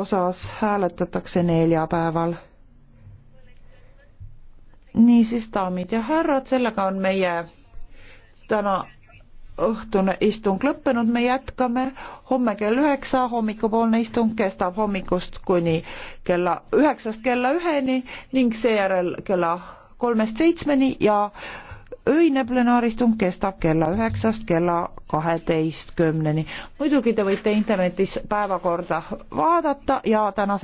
osas hääletatakse neljapäeval. niisiis, daamid ja härrad, sellega on meie täna õhtune istung lõppenud, me jätkame homme kell üheksa, hommikupoolne istung kestab hommikust kuni kella üheksast kella üheni ning seejärel kella kolmest seitsmeni ja öine plenaaristung kestab kella üheksast kella kaheteistkümneni. muidugi te võite internetis päevakorda vaadata ja tänase